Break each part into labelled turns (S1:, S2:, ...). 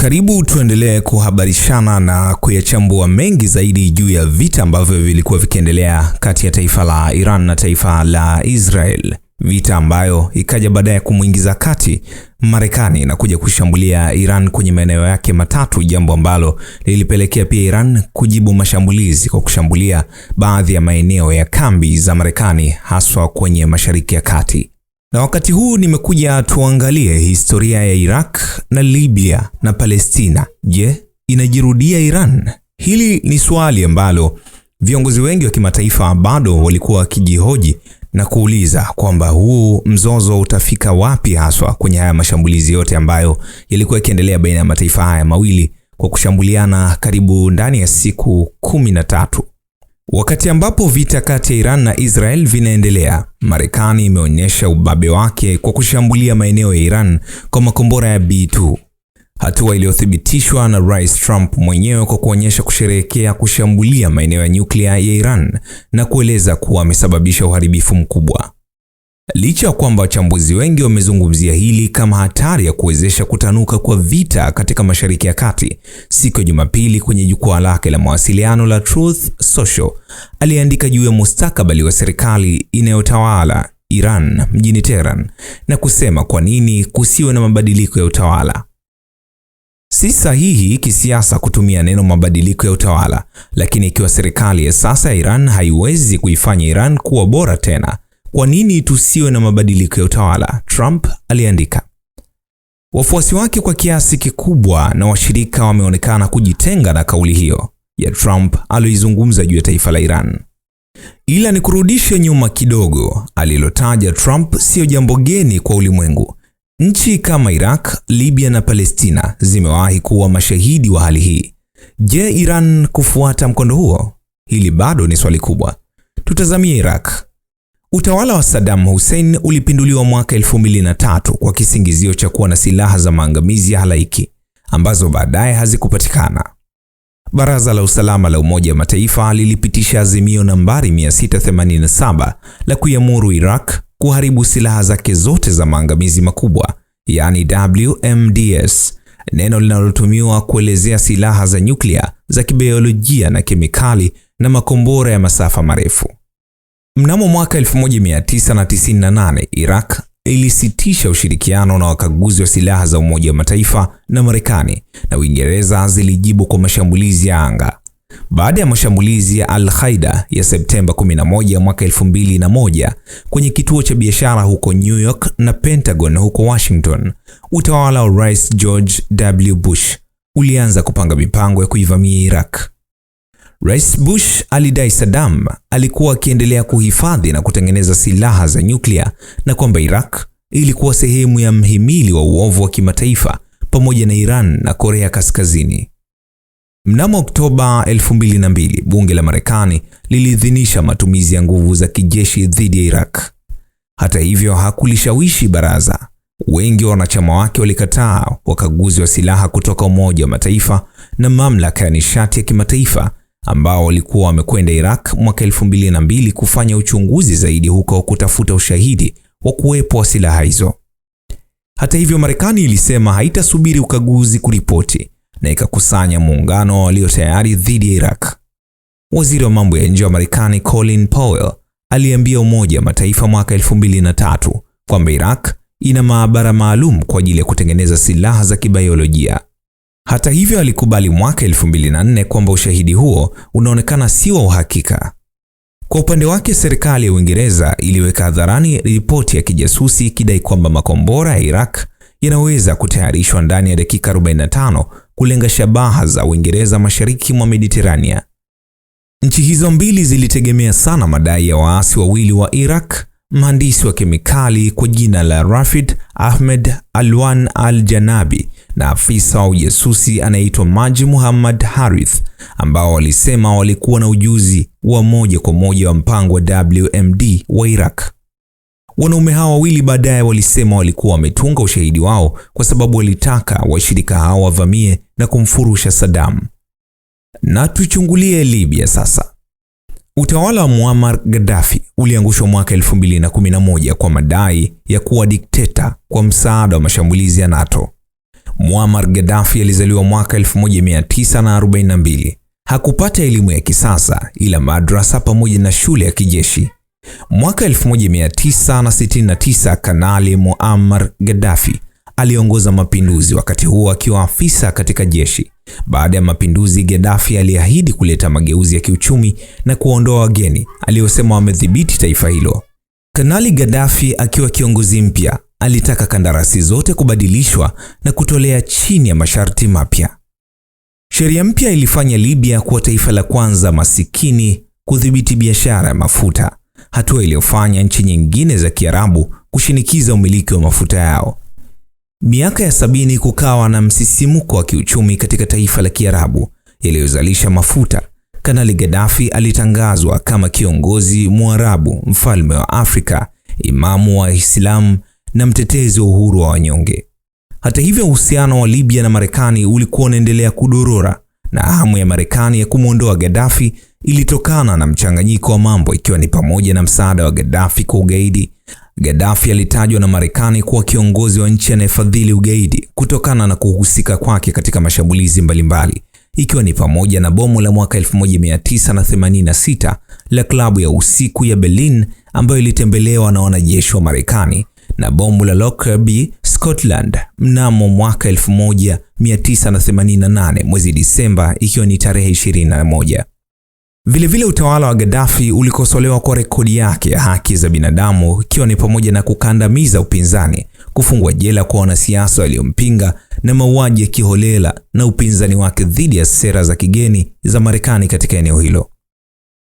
S1: Karibu tuendelee kuhabarishana na kuyachambua mengi zaidi juu ya vita ambavyo vilikuwa vikiendelea kati ya taifa la Iran na taifa la Israel, vita ambayo ikaja baadaye kumwingiza kati Marekani na kuja kushambulia Iran kwenye maeneo yake matatu, jambo ambalo lilipelekea pia Iran kujibu mashambulizi kwa kushambulia baadhi ya maeneo ya kambi za Marekani haswa kwenye Mashariki ya Kati. Na wakati huu nimekuja tuangalie historia ya Iraq na Libya na Palestina. Je, inajirudia Iran? Hili ni swali ambalo viongozi wengi wa kimataifa bado walikuwa wakijihoji na kuuliza kwamba huu mzozo utafika wapi haswa kwenye haya mashambulizi yote ambayo yalikuwa yakiendelea baina ya mataifa haya mawili kwa kushambuliana karibu ndani ya siku kumi na tatu. Wakati ambapo vita kati ya Iran na Israel vinaendelea, Marekani imeonyesha ubabe wake kwa kushambulia maeneo ya Iran kwa makombora ya B2, hatua iliyothibitishwa na Rais Trump mwenyewe kwa kuonyesha kusherehekea kushambulia maeneo ya nyuklia ya Iran na kueleza kuwa amesababisha uharibifu mkubwa. Licha ya kwamba wachambuzi wengi wamezungumzia hili kama hatari ya kuwezesha kutanuka kwa vita katika Mashariki ya Kati, siku ya Jumapili kwenye jukwaa lake la mawasiliano la Truth Social aliandika juu ya mustakabali wa serikali inayotawala Iran mjini Tehran na kusema kwa nini kusiwe na mabadiliko ya utawala. Si sahihi kisiasa kutumia neno mabadiliko ya utawala, lakini ikiwa serikali ya sasa ya Iran haiwezi kuifanya Iran kuwa bora tena kwa nini tusiwe na mabadiliko ya utawala? Trump aliandika. Wafuasi wake kwa kiasi kikubwa na washirika wameonekana kujitenga na kauli hiyo ya Trump aliyoizungumza juu ya taifa la Iran. Ila ni kurudisha nyuma kidogo, alilotaja Trump siyo jambo geni kwa ulimwengu. Nchi kama Iraq, Libya na Palestina zimewahi kuwa mashahidi wa hali hii. Je, Iran kufuata mkondo huo? Hili bado ni swali kubwa. Tutazamie Iraq. Utawala wa Saddam Hussein ulipinduliwa mwaka 2003 kwa kisingizio cha kuwa na silaha za maangamizi ya halaiki ambazo baadaye hazikupatikana. Baraza la Usalama la Umoja wa Mataifa lilipitisha azimio nambari 687 la kuiamuru Iraq kuharibu silaha zake zote za maangamizi makubwa, yani WMDs, neno linalotumiwa kuelezea silaha za nyuklia za kibiolojia na kemikali na makombora ya masafa marefu. Mnamo mwaka 1998 Iraq ilisitisha ushirikiano na wakaguzi wa silaha za Umoja wa Mataifa na Marekani, na Uingereza zilijibu kwa mashambulizi ya anga. Baada ya mashambulizi ya Al-Qaeda ya Septemba 11 mwaka 2001 kwenye kituo cha biashara huko New York na Pentagon huko Washington, utawala wa Rais George W. Bush ulianza kupanga mipango ya kuivamia Iraq. Rais Bush alidai Saddam alikuwa akiendelea kuhifadhi na kutengeneza silaha za nyuklia na kwamba Iraq ilikuwa sehemu ya mhimili wa uovu wa kimataifa pamoja na Iran na Korea Kaskazini. Mnamo Oktoba 2002, bunge la Marekani liliidhinisha matumizi ya nguvu za kijeshi dhidi ya Iraq. Hata hivyo, hakulishawishi baraza. Wengi wa wanachama wake walikataa, wakaguzi wa silaha kutoka Umoja wa Mataifa na mamlaka ya nishati ya kimataifa ambao walikuwa wamekwenda Iraq mwaka 2002 kufanya uchunguzi zaidi huko kutafuta ushahidi wa kuwepo wa silaha hizo. Hata hivyo, Marekani ilisema haitasubiri ukaguzi kuripoti na ikakusanya muungano walio tayari dhidi ya Iraq. Waziri wa mambo ya nje wa Marekani Colin Powell aliambia Umoja wa Mataifa mwaka 2003 kwamba Iraq ina maabara maalum kwa ajili ya kutengeneza silaha za kibayolojia. Hata hivyo, alikubali mwaka 2004 kwamba ushahidi huo unaonekana si wa uhakika. Kwa upande wake, serikali ya Uingereza iliweka hadharani ripoti ya kijasusi ikidai kwamba makombora ya Iraq yanaweza kutayarishwa ndani ya dakika 45 kulenga shabaha za Uingereza mashariki mwa Mediterania. Nchi hizo mbili zilitegemea sana madai ya waasi wawili wa Iraq mhandisi wa kemikali kwa jina la Rafid Ahmed Alwan Al Janabi na afisa wa ujasusi anayeitwa Maji Muhammad Harith ambao walisema walikuwa na ujuzi wa moja kwa moja wa mpango wa WMD wa Iraq. Wanaume hao wawili baadaye walisema walikuwa wametunga ushahidi wao kwa sababu walitaka washirika hao wavamie na kumfurusha Saddam. Na tuchungulie Libya sasa. Utawala wa Muammar Gaddafi uliangushwa mwaka 2011 kwa madai ya kuwa dikteta kwa msaada wa mashambulizi ya NATO. Muammar Gaddafi alizaliwa mwaka 1942. Hakupata elimu ya kisasa ila madrasa pamoja na shule ya kijeshi. Mwaka 1969 Kanali Muammar Gaddafi aliongoza mapinduzi, wakati huo akiwa afisa katika jeshi. Baada ya mapinduzi, Gaddafi aliahidi kuleta mageuzi ya kiuchumi na kuondoa wageni aliosema wamedhibiti taifa hilo. Kanali Gaddafi akiwa kiongozi mpya alitaka kandarasi zote kubadilishwa na kutolea chini ya masharti mapya. Sheria mpya ilifanya Libya kuwa taifa la kwanza masikini kudhibiti biashara ya mafuta, hatua iliyofanya nchi nyingine za Kiarabu kushinikiza umiliki wa mafuta yao. Miaka ya sabini kukawa na msisimko wa kiuchumi katika taifa la Kiarabu yaliyozalisha mafuta. Kanali Gaddafi alitangazwa kama kiongozi Mwarabu, mfalme wa Afrika, imamu wa Islamu na mtetezi wa uhuru wa wanyonge. Hata hivyo, uhusiano wa Libya na Marekani ulikuwa unaendelea kudorora na hamu ya Marekani ya kumwondoa Gaddafi ilitokana na mchanganyiko wa mambo, ikiwa ni pamoja na msaada wa Gaddafi kwa ugaidi Gaddafi alitajwa na Marekani kuwa kiongozi wa nchi anayefadhili ugaidi kutokana na kuhusika kwake katika mashambulizi mbalimbali ikiwa ni pamoja na bomu la mwaka 1986 la klabu ya usiku ya Berlin ambayo ilitembelewa na wanajeshi wa Marekani na bomu la Lockerbie, Scotland mnamo mwaka 1988 mwezi Disemba ikiwa ni tarehe 21. Vilevile utawala wa Gaddafi ulikosolewa kwa rekodi yake ya haki za binadamu ikiwa ni pamoja na kukandamiza upinzani, kufungwa jela kwa wanasiasa waliompinga na mauaji ya kiholela na upinzani wake dhidi ya sera za kigeni za Marekani katika eneo hilo.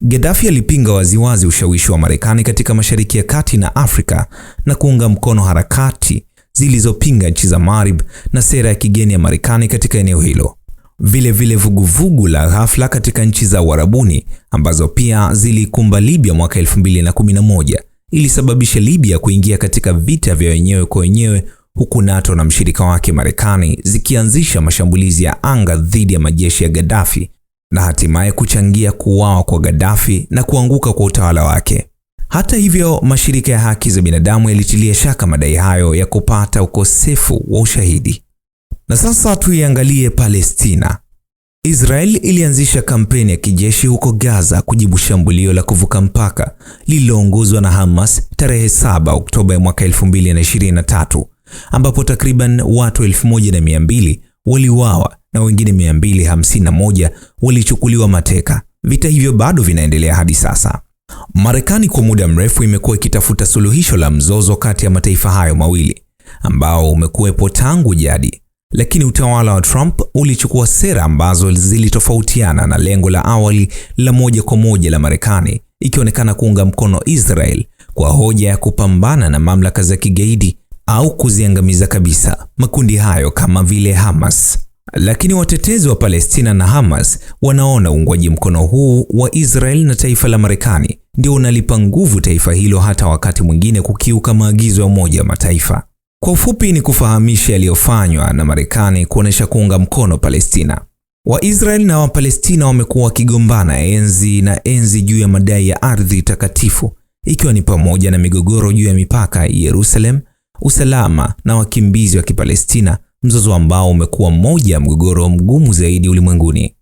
S1: Gaddafi alipinga waziwazi ushawishi wa Marekani katika Mashariki ya Kati na Afrika na kuunga mkono harakati zilizopinga nchi za Marib na sera ya kigeni ya Marekani katika eneo hilo. Vilevile vuguvugu la ghafla katika nchi za Uarabuni ambazo pia zilikumba Libya mwaka 2011 ilisababisha Libya kuingia katika vita vya wenyewe kwa wenyewe huku NATO na mshirika wake Marekani zikianzisha mashambulizi ya anga dhidi ya majeshi ya Gaddafi na hatimaye kuchangia kuuawa kwa Gaddafi na kuanguka kwa utawala wake. Hata hivyo, mashirika ya haki za binadamu yalitilia shaka madai hayo ya kupata ukosefu wa ushahidi. Na sasa tuiangalie Palestina. Israel ilianzisha kampeni ya kijeshi huko Gaza kujibu shambulio la kuvuka mpaka lililoongozwa na Hamas tarehe 7 Oktoba mwaka 2023 ambapo takriban watu 1200 waliuawa na wengine 251 walichukuliwa mateka. Vita hivyo bado vinaendelea hadi sasa. Marekani kwa muda mrefu imekuwa ikitafuta suluhisho la mzozo kati ya mataifa hayo mawili ambao umekuwepo tangu jadi. Lakini utawala wa Trump ulichukua sera ambazo zilitofautiana na lengo la awali la moja kwa moja la Marekani, ikionekana kuunga mkono Israel kwa hoja ya kupambana na mamlaka za kigaidi au kuziangamiza kabisa makundi hayo kama vile Hamas. Lakini watetezi wa Palestina na Hamas wanaona uungwaji mkono huu wa Israel na taifa la Marekani ndio unalipa nguvu taifa hilo hata wakati mwingine kukiuka maagizo ya Umoja wa Mataifa. Kwa ufupi ni kufahamisha yaliyofanywa na Marekani kuonesha kuunga mkono Palestina. Waisraeli na Wapalestina wamekuwa wakigombana enzi na enzi juu ya madai ya ardhi takatifu, ikiwa ni pamoja na migogoro juu ya mipaka Yerusalem, usalama na wakimbizi wa Kipalestina, mzozo ambao umekuwa mmoja ya mgogoro mgumu zaidi ulimwenguni.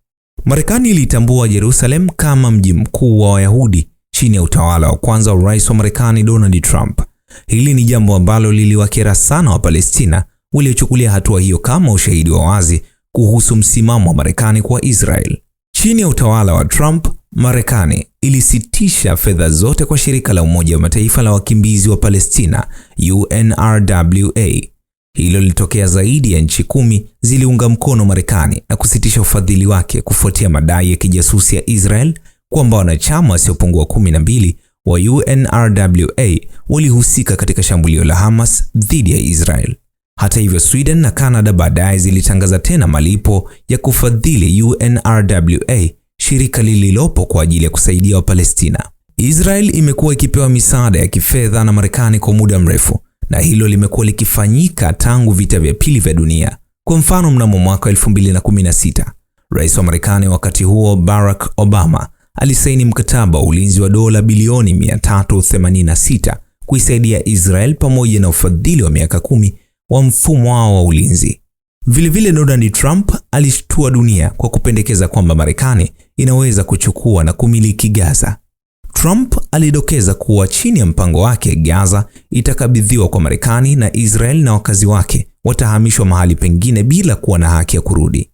S1: Marekani ilitambua Yerusalem kama mji mkuu wa Wayahudi chini ya utawala wa kwanza wa Rais wa Marekani Donald Trump. Hili ni jambo ambalo liliwakera sana Wapalestina waliochukulia hatua hiyo kama ushahidi wa wazi kuhusu msimamo wa Marekani kwa Israel. Chini ya utawala wa Trump, Marekani ilisitisha fedha zote kwa shirika la Umoja wa Mataifa la wakimbizi wa Palestina UNRWA. Hilo lilitokea zaidi ya nchi kumi ziliunga mkono Marekani na kusitisha ufadhili wake kufuatia madai ya kijasusi ya Israel kwamba wanachama wasiopungua kumi na mbili wa UNRWA walihusika katika shambulio la Hamas dhidi ya Israel. Hata hivyo, Sweden na Canada baadaye zilitangaza tena malipo ya kufadhili UNRWA, shirika lililopo kwa ajili ya kusaidia Wapalestina. Israel imekuwa ikipewa misaada ya kifedha na Marekani kwa muda mrefu, na hilo limekuwa likifanyika tangu vita vya pili vya dunia. Kwa mfano, mnamo mwaka 2016 rais wa Marekani wakati huo Barack Obama alisaini mkataba wa ulinzi wa dola bilioni 386 kuisaidia Israel pamoja na ufadhili wa miaka kumi wa mfumo wao wa ulinzi. Vilevile Donald Trump alishtua dunia kwa kupendekeza kwamba Marekani inaweza kuchukua na kumiliki Gaza. Trump alidokeza kuwa chini ya mpango wake Gaza itakabidhiwa kwa Marekani na Israel na wakazi wake watahamishwa mahali pengine bila kuwa na haki ya kurudi.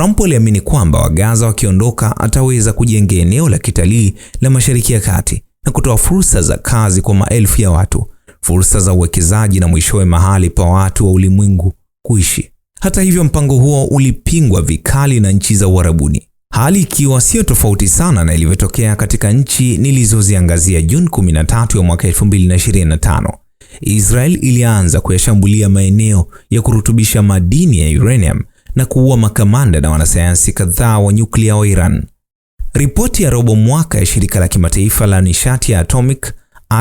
S1: Trump aliamini kwamba Wagaza wakiondoka ataweza kujenga eneo la kitalii la Mashariki ya Kati na kutoa fursa za kazi kwa maelfu ya watu, fursa za uwekezaji na mwishowe mahali pa watu wa ulimwengu kuishi. Hata hivyo, mpango huo ulipingwa vikali na nchi za Uarabuni, hali ikiwa sio tofauti sana na ilivyotokea katika nchi nilizoziangazia Juni 13 ya mwaka 2025. Israel ilianza kuyashambulia maeneo ya kurutubisha madini ya uranium na kuua makamanda na wanasayansi kadhaa wa nyuklia wa Iran. Ripoti ya robo mwaka ya shirika la kimataifa la nishati ya atomic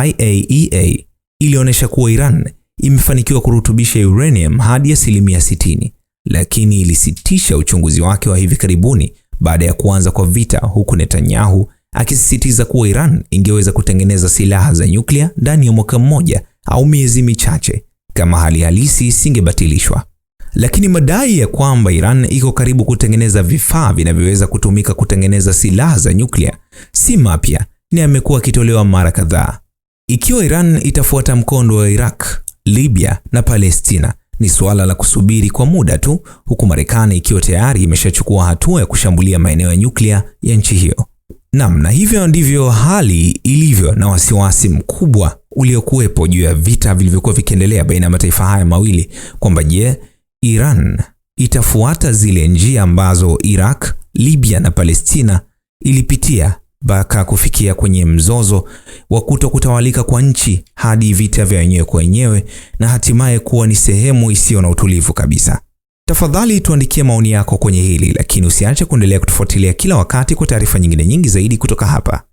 S1: IAEA e ilionyesha kuwa Iran imefanikiwa kurutubisha uranium hadi asilimia 60, lakini ilisitisha uchunguzi wake wa hivi karibuni baada ya kuanza kwa vita, huku Netanyahu akisisitiza kuwa Iran ingeweza kutengeneza silaha za nyuklia ndani ya mwaka mmoja au miezi michache kama hali halisi isingebatilishwa lakini madai ya kwamba Iran iko karibu kutengeneza vifaa vinavyoweza kutumika kutengeneza silaha za nyuklia si mapya, ni amekuwa akitolewa mara kadhaa. Ikiwa Iran itafuata mkondo wa Iraq, Libya na Palestina, ni suala la kusubiri kwa muda tu, huku Marekani ikiwa tayari imeshachukua hatua ya kushambulia maeneo ya nyuklia ya nchi hiyo. Naam, na hivyo ndivyo hali ilivyo, na wasiwasi mkubwa uliokuwepo juu ya vita vilivyokuwa vikiendelea baina ya mataifa haya mawili kwamba je, Iran itafuata zile njia ambazo Iraq, Libya na Palestina ilipitia mpaka kufikia kwenye mzozo wa kutokutawalika kwa nchi hadi vita vya wenyewe kwa wenyewe na hatimaye kuwa ni sehemu isiyo na utulivu kabisa. Tafadhali tuandikie maoni yako kwenye hili, lakini usiache kuendelea kutufuatilia kila wakati kwa taarifa nyingine nyingi zaidi kutoka hapa